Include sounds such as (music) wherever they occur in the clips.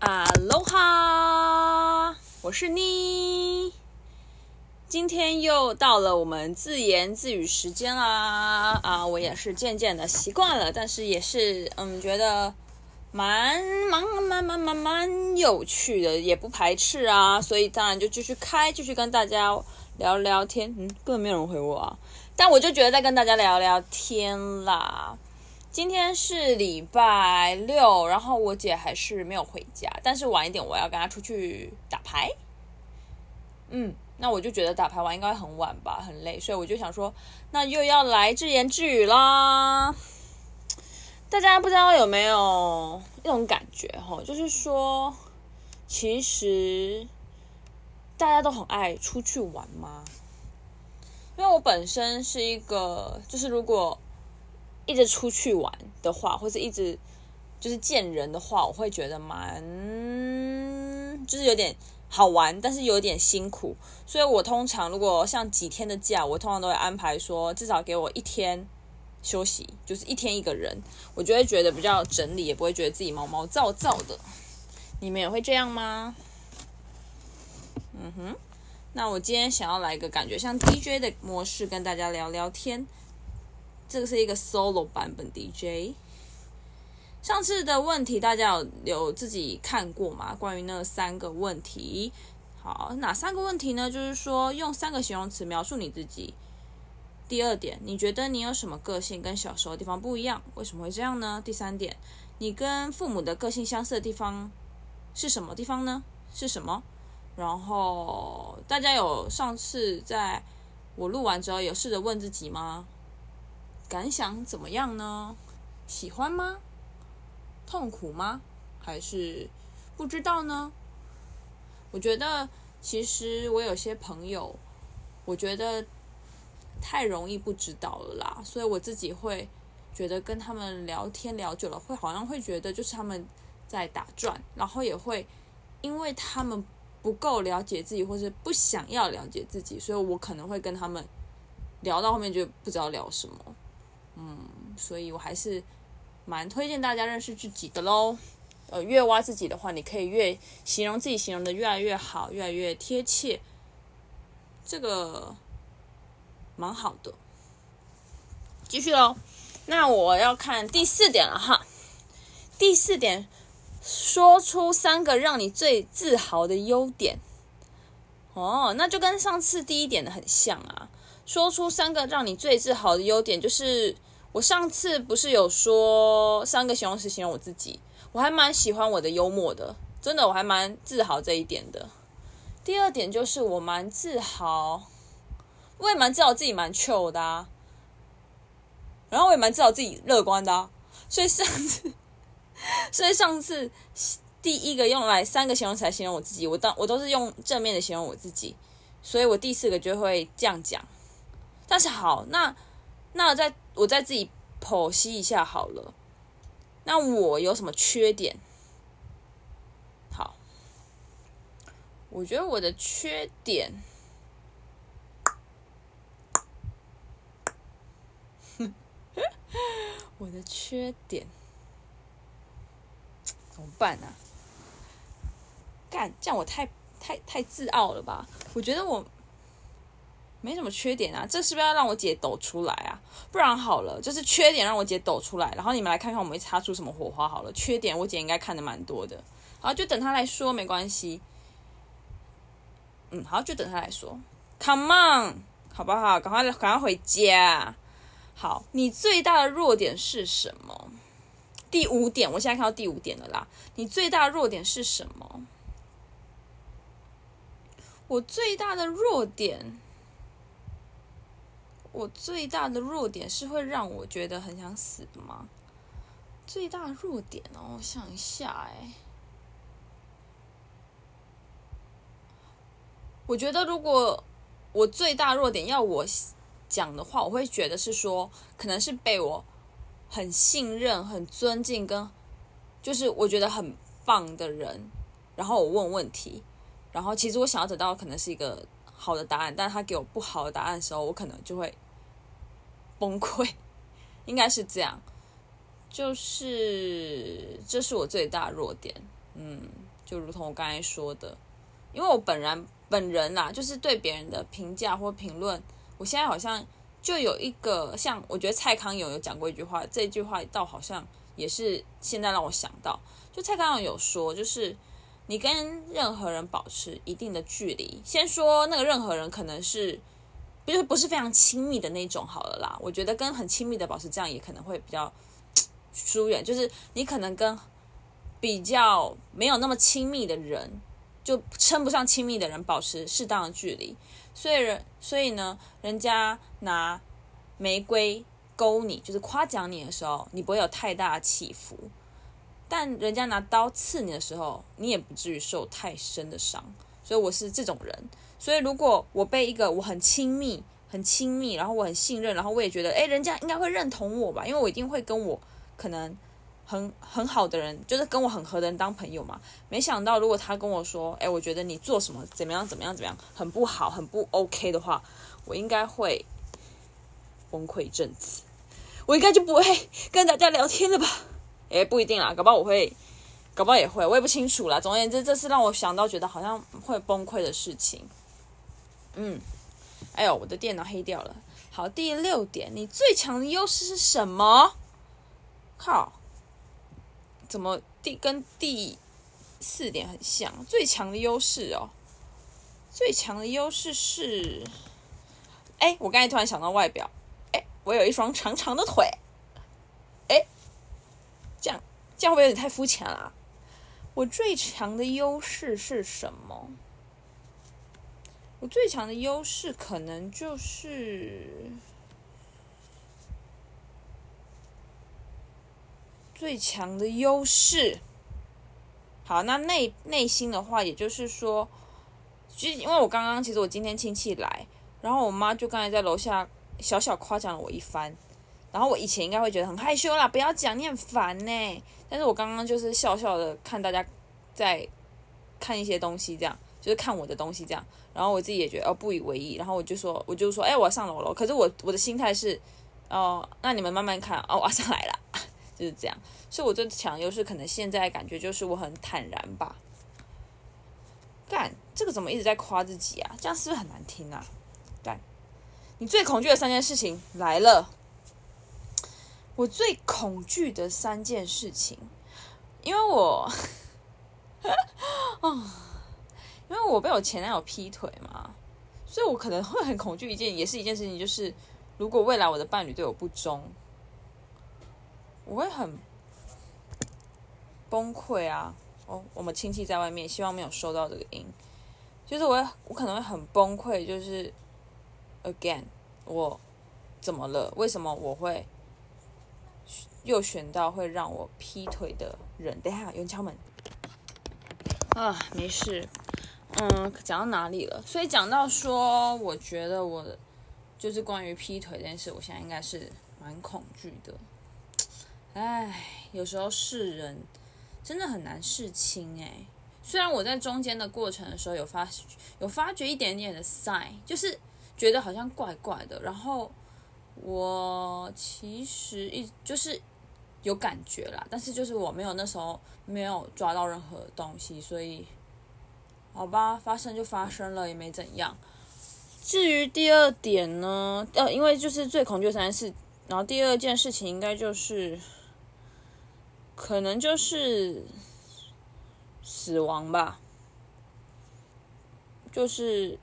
阿羅哈，ha, 我是霓，今天又到了我們自言自語時間啦！啊，我也是漸漸的習慣了，但是也是嗯，覺得蠻蠻蠻蠻蠻蠻，蠻有趣的，也不排斥啊，所以當然就繼續開，繼續跟大家聊聊天。嗯，根本沒有人回我啊，但我就覺得在跟大家聊聊天啦。今天是禮拜六，然後我姐還是沒有回家，但是晚一點我要跟她出去打牌。嗯，那我就覺得打牌完應該很晚吧，很累，所以我就想說，那又要來自言自語啦。大家不知道有沒有一種感覺哦，就是說，其實大家都很愛出去玩嗎？因為我本身是一個，就是如果。一直出去玩的話，或是一直就是見人的話，我會覺得蠻，就是有點好玩，但是有點辛苦。所以我通常如果像幾天的假，我通常都會安排說至少給我一天休息，就是一天一個人，我就會覺得比較整理，也不會覺得自己毛毛躁躁的。你們也會這樣嗎？嗯哼，那我今天想要來一個感覺，像 DJ 的模式，跟大家聊聊天。這個是一個 solo 版本 DJ。上次的問題大家有有自己看過嗎？關於那三個問題，好，哪三個問題呢？就是說用三個形容詞描述你自己。第二點，你覺得你有什麼個性跟小時候的地方不一樣？為什麼會這樣呢？第三點，你跟父母的個性相似的地方是什麼地方呢？是什麼？然後大家有上次在我錄完之後有試着問自己嗎？感想怎麼樣呢？喜歡嗎？痛苦嗎？還是不知道呢？我覺得其實我有些朋友，我覺得太容易不知道了啦，所以我自己會覺得跟他們聊天聊久了，會好像會覺得就是他們在打轉，然後也會因為他們不夠了解自己，或是不想要了解自己，所以我可能會跟他們聊到後面就不知道聊什麼。嗯，所以我還是蠻推薦大家認識自己的嘍。呃，越挖自己的話，你可以越形容自己，形容的越來越好，越來越貼切，這個蠻好的。繼續嘍，那我要看第四點了哈。第四點，說出三個讓你最自豪的優點。哦，那就跟上次第一點的很像啊。說出三個讓你最自豪的優點，就是。我上次不是有說三個形容詞形容我自己，我還蠻喜歡我的幽默的，真的，我還蠻自豪這一點的。第二點就是我蠻自豪，我也蠻自豪自己蠻 chill 的，啊。然後我也蠻自豪自己樂觀的，啊。所以上次，所以上次第一個用來三個形容詞來形容我自己，我當我都是用正面的形容我自己，所以我第四個就會這樣講。但是好，那那在。我再自己剖析一下好了。那我有什麼缺點？好，我覺得我的缺點， (laughs) 我的缺點怎麼辦呢？啊？幹，這樣我太太太自傲了吧？我覺得我。沒什麼缺點啊，這是不是要讓我姐抖出來啊？不然好了，就是缺點讓我姐抖出來，然後你們來看看我們會擦出什麼火花好了。缺點我姐應該看得蠻多的，然後就等她來說，沒關係。嗯，好，就等她來說，Come on，好不好？趕快，趕快回家。好，你最大的弱點是什麼？第五點，我現在看到第五點了啦。你最大的弱點是什麼？我最大的弱點。我最大的弱點是會讓我覺得很想死嗎？最大弱點哦，我想一下，哎，我覺得如果我最大弱點要我講的話，我會覺得是說，可能是被我很信任、很尊敬，跟就是我覺得很棒的人，然後我問問題，然後其實我想要得到可能是一個。好的答案，但他給我不好的答案的時候，我可能就會崩潰，應該是這樣，就是這是我最大弱點，嗯，就如同我剛才說的，因為我本人本人啦、啊，就是對別人的評價或評論，我現在好像就有一個像，我覺得蔡康永有講過一句話，這一句話倒好像也是現在讓我想到，就蔡康永有說，就是。你跟任何人保持一定的距離，先說那個任何人可能是，不是不是非常親密的那種好了啦。我覺得跟很親密的保持，這樣也可能會比較疏遠。就是你可能跟比較沒有那麼親密的人，就稱不上親密的人，保持適當的距離。所以人，所以呢，人家拿玫瑰勾你，就是誇獎你的時候，你不會有太大的起伏。但人家拿刀刺你的時候，你也不至於受太深的傷，所以我是這種人。所以如果我被一個我很親密、很親密，然後我很信任，然後我也覺得，哎，人家應該會認同我吧，因為我一定會跟我可能很很好的人，就是跟我很合的人當朋友嘛。沒想到，如果他跟我說，哎，我覺得你做什麼怎麼樣怎麼樣怎麼樣很不好，很不 OK 的話，我應該會崩潰一陣子，我應該就不會跟大家聊天了吧。誒，不一定啦，搞不好我會，搞不好也會，我也不清楚啦，總而言之，這是讓我想到覺得好像會崩潰的事情。嗯，哎呦，我的電腦黑掉了。好，第六點，你最強的優勢是什麼？靠，怎麼第跟第四點很像？最強的優勢哦，最強的優勢是，哎，我剛才突然想到外表，哎，我有一雙長長的腿。這樣會有點太膚淺了。我最強的優勢是什麼？我最強的優勢可能就是最強的優勢。好，那內內心的話，也就是說，其實因為我剛剛，其實我今天親戚來，然後我媽就剛才在樓下小小誇獎了我一番。然後我以前應該會覺得很害羞啦，不要講，你很煩耶。但是我剛剛就是笑笑的看大家在看一些東西，這樣就是看我的東西這樣。然後我自己也覺得哦不以為意，然後我就說我就說哎、欸，我要上樓了。可是我我的心態是哦，那你們慢慢看哦，我上來了，就是這樣。所以我在強又是可能現在感覺就是我很坦然吧。幹，這個怎麼一直在誇自己啊？這樣是不是很難聽啊？幹，你最恐懼的三件事情來了。我最恐懼的三件事情，因為我，啊， (laughs) 因為我被我前男友劈腿嘛，所以我可能會很恐懼一件，也是一件事情，就是如果未來我的伴侶對我不忠，我會很崩潰啊！哦，我們親戚在外面，希望沒有收到這個音，就是我，我可能會很崩潰，就是 again，我怎麼了？為什麼我會？又選到會讓我劈腿的人，等一下有人敲門啊，沒事，嗯，講到哪裡了？所以講到說，我覺得我的就是關於劈腿這件事，我現在應該是蠻恐懼的。唉，有時候識人真的很難識清哎。雖然我在中間的過程的時候有發有發覺一點點的 sign 就是覺得好像怪怪的。然後我其實一就是。有感覺啦，但是就是我沒有那時候沒有抓到任何東西，所以好吧，發生就發生了，也沒怎樣。至於第二點呢，呃，因為就是最恐懼三件事，然後第二件事情應該就是，可能就是死亡吧，就是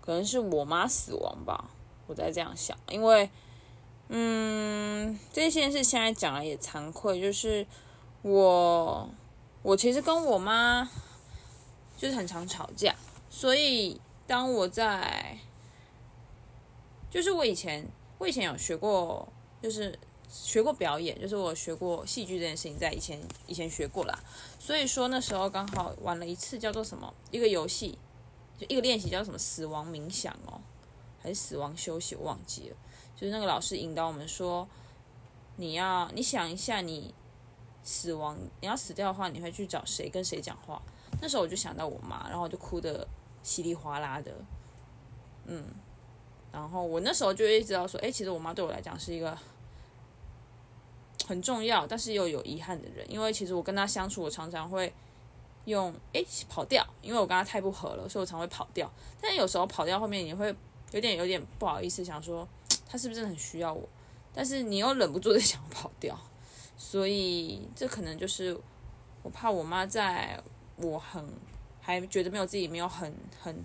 可能是我媽死亡吧，我在這樣想，因為。嗯，這些事現在講來也慚愧，就是我，我其實跟我媽就是很常吵架，所以當我在，就是我以前，我以前有學過，就是學過表演，就是我學過戲劇這件事情，在以前，以前學過啦，所以說那時候剛好玩了一次叫做什麼，一個遊戲，就一個練習叫什麼，死亡冥想哦，還是死亡休息，我忘記了。就是那個老師引導我們說，你要你想一下，你死亡你要死掉的話，你會去找誰跟誰講話？那時候我就想到我媽，然後就哭得稀里嘩啦的，嗯，然後我那時候就一直要說，誒，其實我媽對我來講是一個很重要，但是又有遺憾的人，因為其實我跟她相處，我常常會用誒跑掉，因為我跟她太不合了，所以我常會跑掉。但有時候跑掉後面你會有點有點不好意思，想說。他是不是很需要我？但是你又忍不住的想要跑掉，所以這可能就是我怕我媽在我很還覺得沒有自己沒有很很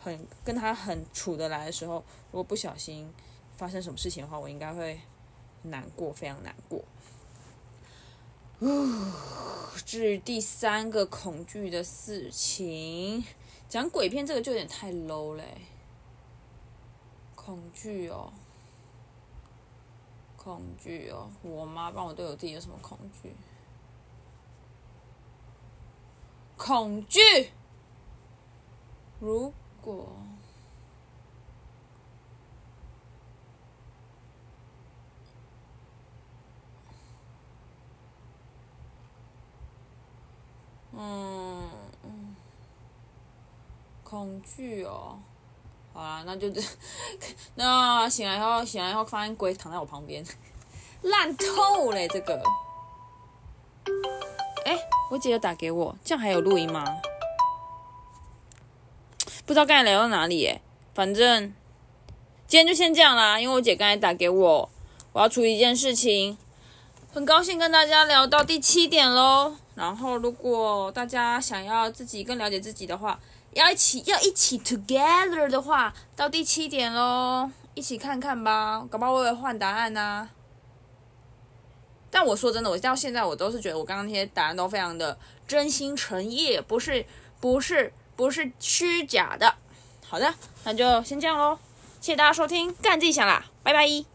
很跟他很處得來的時候，如果不小心發生什麼事情的話，我應該會難過，非常難過、呃。至於第三個恐懼的事情，講鬼片這個就有點太 low 嘞，欸，恐懼哦。恐懼哦，我媽幫我對我自己有什麼恐懼？恐懼，如果，嗯嗯，恐懼哦。好啦，啊，那就這。那醒來後，醒來後發現鬼躺在我旁邊，爛透了這個。哎，欸，我姐又打給我，這樣還有錄音嗎？不知道剛才聊到哪裡。哎，欸，反正今天就先這樣啦，因為我姐剛才打給我，我要處理一件事情。很高興跟大家聊到第七點嘍，然後如果大家想要自己更了解自己的話，要一起，要一起 together 的話，到第七點嘍，一起看看吧，搞不好我也換答案吶、啊。但我說真的，我到現在我都是覺得我剛剛那些答案都非常的真心誠意，不是不是不是虛假的。好的，那就先這樣嘍，謝謝大家收聽，干自己想啦，拜拜。